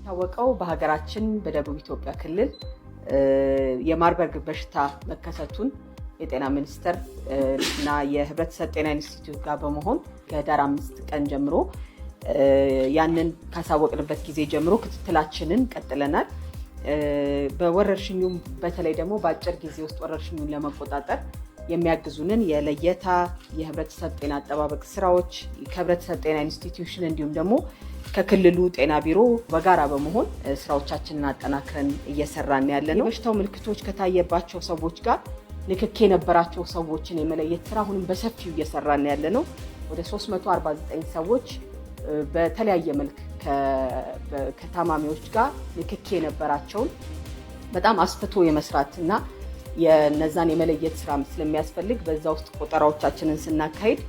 የሚታወቀው በሀገራችን በደቡብ ኢትዮጵያ ክልል የማርበርግ በሽታ መከሰቱን የጤና ሚኒስቴር እና የህብረተሰብ ጤና ኢንስቲትዩት ጋር በመሆን ከህዳር አምስት ቀን ጀምሮ ያንን ካሳወቅንበት ጊዜ ጀምሮ ክትትላችንን ቀጥለናል። በወረርሽኙም በተለይ ደግሞ በአጭር ጊዜ ውስጥ ወረርሽኙን ለመቆጣጠር የሚያግዙንን የለየታ የህብረተሰብ ጤና አጠባበቅ ስራዎች ከህብረተሰብ ጤና ኢንስቲትዩሽን እንዲሁም ደግሞ ከክልሉ ጤና ቢሮ በጋራ በመሆን ስራዎቻችንን አጠናክረን እየሰራን ያለ ነው። የበሽታው ምልክቶች ከታየባቸው ሰዎች ጋር ንክክ የነበራቸው ሰዎችን የመለየት ስራ አሁንም በሰፊው እየሰራን ያለ ነው። ወደ 349 ሰዎች በተለያየ መልክ ከታማሚዎች ጋር ንክክ የነበራቸውን በጣም አስፍቶ የመስራትና የነዛን የመለየት ስራ ስለሚያስፈልግ በዛ ውስጥ ቆጠራዎቻችንን ስናካሄድ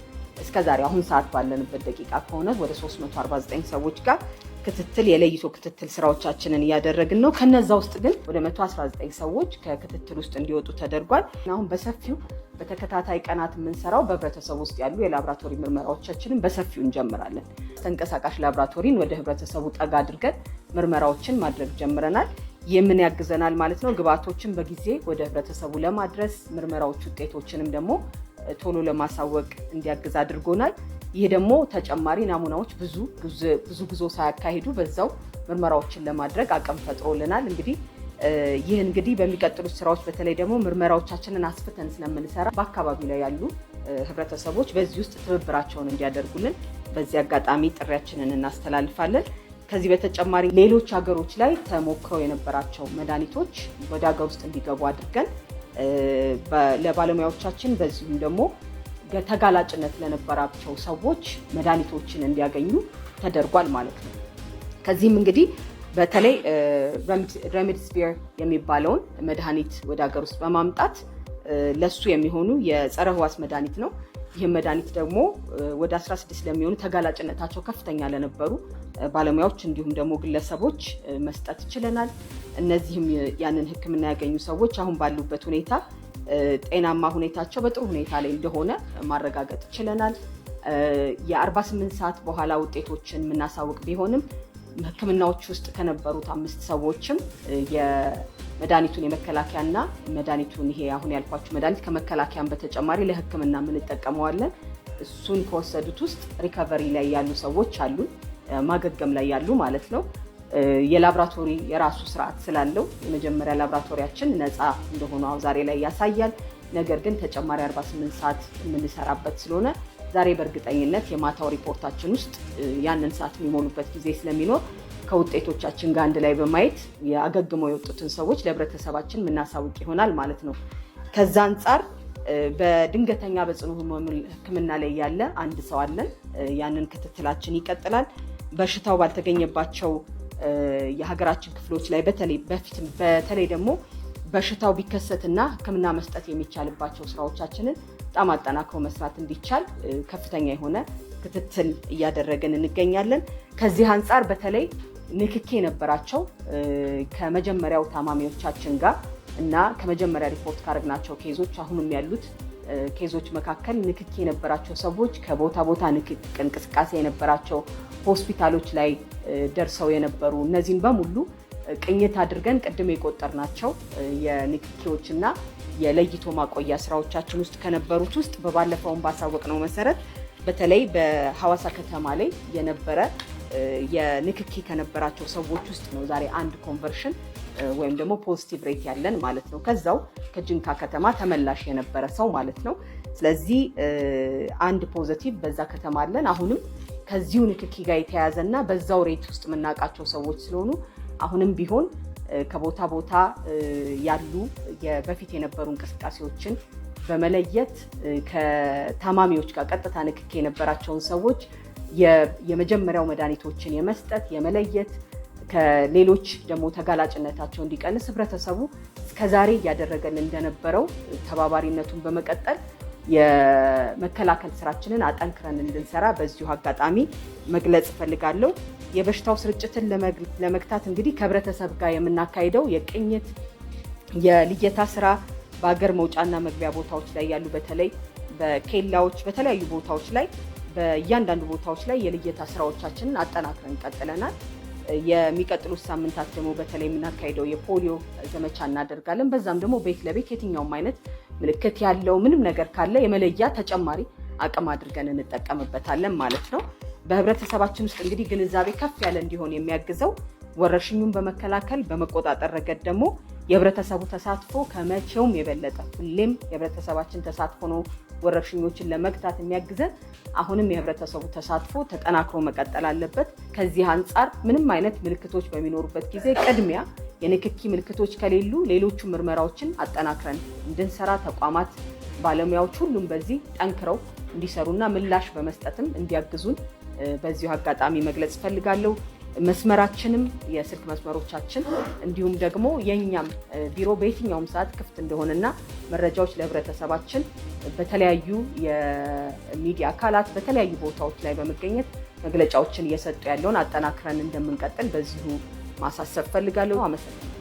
እስከዛሬ አሁን ሰዓት ባለንበት ደቂቃ ከሆነ ወደ 349 ሰዎች ጋር ክትትል የለይቶ ክትትል ስራዎቻችንን እያደረግን ነው። ከነዛ ውስጥ ግን ወደ 119 ሰዎች ከክትትል ውስጥ እንዲወጡ ተደርጓል። አሁን በሰፊው በተከታታይ ቀናት የምንሰራው በህብረተሰብ ውስጥ ያሉ የላብራቶሪ ምርመራዎቻችንን በሰፊው እንጀምራለን። ተንቀሳቃሽ ላብራቶሪን ወደ ህብረተሰቡ ጠጋ አድርገን ምርመራዎችን ማድረግ ጀምረናል። የምን ያግዘናል ማለት ነው ግብአቶችን በጊዜ ወደ ህብረተሰቡ ለማድረስ ምርመራዎች ውጤቶችንም ደግሞ ቶሎ ለማሳወቅ እንዲያግዝ አድርጎናል። ይህ ደግሞ ተጨማሪ ናሙናዎች ብዙ ብዙ ጉዞ ሳያካሂዱ በዛው ምርመራዎችን ለማድረግ አቅም ፈጥሮልናል። እንግዲህ ይህ እንግዲህ በሚቀጥሉት ስራዎች በተለይ ደግሞ ምርመራዎቻችንን አስፍተን ስለምንሰራ በአካባቢው ላይ ያሉ ህብረተሰቦች በዚህ ውስጥ ትብብራቸውን እንዲያደርጉልን በዚህ አጋጣሚ ጥሪያችንን እናስተላልፋለን። ከዚህ በተጨማሪ ሌሎች ሀገሮች ላይ ተሞክረው የነበራቸው መድኃኒቶች ወደ ሀገር ውስጥ እንዲገቡ አድርገን ለባለሙያዎቻችን በዚሁም ደግሞ ተጋላጭነት ለነበራቸው ሰዎች መድኃኒቶችን እንዲያገኙ ተደርጓል ማለት ነው። ከዚህም እንግዲህ በተለይ ሬምዲሲቪር የሚባለውን መድኃኒት ወደ ሀገር ውስጥ በማምጣት ለሱ የሚሆኑ የጸረ ህዋስ መድኃኒት ነው። ይህም መድኃኒት ደግሞ ወደ 16 ለሚሆኑ ተጋላጭነታቸው ከፍተኛ ለነበሩ ባለሙያዎች እንዲሁም ደግሞ ግለሰቦች መስጠት ይችለናል። እነዚህም ያንን ህክምና ያገኙ ሰዎች አሁን ባሉበት ሁኔታ ጤናማ ሁኔታቸው በጥሩ ሁኔታ ላይ እንደሆነ ማረጋገጥ ችለናል። የ48 ሰዓት በኋላ ውጤቶችን የምናሳውቅ ቢሆንም ህክምናዎች ውስጥ ከነበሩት አምስት ሰዎችም የመድኃኒቱን የመከላከያና መድኃኒቱን ይሄ አሁን ያልኳቸው መድኃኒት ከመከላከያን በተጨማሪ ለህክምና የምንጠቀመዋለን እሱን ከወሰዱት ውስጥ ሪከቨሪ ላይ ያሉ ሰዎች አሉ፣ ማገገም ላይ ያሉ ማለት ነው። የላብራቶሪ የራሱ ስርዓት ስላለው የመጀመሪያ ላብራቶሪያችን ነፃ እንደሆነ ዛሬ ላይ ያሳያል። ነገር ግን ተጨማሪ 48 ሰዓት የምንሰራበት ስለሆነ ዛሬ በእርግጠኝነት የማታው ሪፖርታችን ውስጥ ያንን ሰዓት የሚሞሉበት ጊዜ ስለሚኖር ከውጤቶቻችን ጋር አንድ ላይ በማየት የአገግመው የወጡትን ሰዎች ለህብረተሰባችን የምናሳውቅ ይሆናል ማለት ነው። ከዛ አንጻር በድንገተኛ በጽኑ ህመም ህክምና ላይ ያለ አንድ ሰው አለን። ያንን ክትትላችን ይቀጥላል። በሽታው ባልተገኘባቸው የሀገራችን ክፍሎች ላይ በተለይ በተለይ ደግሞ በሽታው ቢከሰትና ሕክምና መስጠት የሚቻልባቸው ስራዎቻችንን በጣም አጠናክሮ መስራት እንዲቻል ከፍተኛ የሆነ ክትትል እያደረግን እንገኛለን። ከዚህ አንጻር በተለይ ንክኬ የነበራቸው ከመጀመሪያው ታማሚዎቻችን ጋር እና ከመጀመሪያ ሪፖርት ካደረግናቸው ኬዞች አሁንም ያሉት ኬዞች መካከል ንክኪ የነበራቸው ሰዎች ከቦታ ቦታ ንክክ እንቅስቃሴ የነበራቸው ሆስፒታሎች ላይ ደርሰው የነበሩ እነዚህን በሙሉ ቅኝት አድርገን ቅድም የቆጠርናቸው የንክኪዎችና የለይቶ ማቆያ ስራዎቻችን ውስጥ ከነበሩት ውስጥ በባለፈውን ባሳወቅነው መሰረት በተለይ በሐዋሳ ከተማ ላይ የነበረ የንክኪ ከነበራቸው ሰዎች ውስጥ ነው ዛሬ አንድ ኮንቨርሽን ወይም ደግሞ ፖዚቲቭ ሬት ያለን ማለት ነው። ከዛው ከጅንካ ከተማ ተመላሽ የነበረ ሰው ማለት ነው። ስለዚህ አንድ ፖዘቲቭ በዛ ከተማ አለን። አሁንም ከዚሁ ንክኪ ጋር የተያያዘ እና በዛው ሬት ውስጥ የምናውቃቸው ሰዎች ስለሆኑ አሁንም ቢሆን ከቦታ ቦታ ያሉ በፊት የነበሩ እንቅስቃሴዎችን በመለየት ከታማሚዎች ጋር ቀጥታ ንክኪ የነበራቸውን ሰዎች የመጀመሪያው መድኃኒቶችን የመስጠት የመለየት ከሌሎች ደግሞ ተጋላጭነታቸው እንዲቀንስ ህብረተሰቡ እስከዛሬ እያደረገን እንደነበረው ተባባሪነቱን በመቀጠል የመከላከል ስራችንን አጠንክረን እንድንሰራ በዚሁ አጋጣሚ መግለጽ እፈልጋለሁ። የበሽታው ስርጭትን ለመግታት እንግዲህ ከህብረተሰብ ጋር የምናካሄደው የቅኝት የልየታ ስራ በሀገር መውጫና መግቢያ ቦታዎች ላይ ያሉ በተለይ በኬላዎች በተለያዩ ቦታዎች ላይ በእያንዳንዱ ቦታዎች ላይ የልየታ ስራዎቻችንን አጠናክረን ቀጥለናል። የሚቀጥሉት ሳምንታት ደግሞ በተለይ የምናካሄደው የፖሊዮ ዘመቻ እናደርጋለን። በዛም ደግሞ ቤት ለቤት የትኛውም አይነት ምልክት ያለው ምንም ነገር ካለ የመለያ ተጨማሪ አቅም አድርገን እንጠቀምበታለን ማለት ነው። በህብረተሰባችን ውስጥ እንግዲህ ግንዛቤ ከፍ ያለ እንዲሆን የሚያግዘው ወረርሽኙን በመከላከል በመቆጣጠር ረገድ ደግሞ የህብረተሰቡ ተሳትፎ ከመቼውም የበለጠ ሁሌም የህብረተሰባችን ተሳትፎ ነው ወረርሽኞችን ለመግታት የሚያግዘን። አሁንም የህብረተሰቡ ተሳትፎ ተጠናክሮ መቀጠል አለበት። ከዚህ አንጻር ምንም አይነት ምልክቶች በሚኖሩበት ጊዜ ቅድሚያ የንክኪ ምልክቶች ከሌሉ ሌሎቹ ምርመራዎችን አጠናክረን እንድንሰራ ተቋማት፣ ባለሙያዎች ሁሉም በዚህ ጠንክረው እንዲሰሩና ምላሽ በመስጠትም እንዲያግዙን በዚሁ አጋጣሚ መግለጽ እፈልጋለሁ። መስመራችንም የስልክ መስመሮቻችን እንዲሁም ደግሞ የእኛም ቢሮ በየትኛውም ሰዓት ክፍት እንደሆነና መረጃዎች ለህብረተሰባችን በተለያዩ የሚዲያ አካላት በተለያዩ ቦታዎች ላይ በመገኘት መግለጫዎችን እየሰጡ ያለውን አጠናክረን እንደምንቀጥል በዚሁ ማሳሰብ ፈልጋለሁ። አመሰግናለሁ።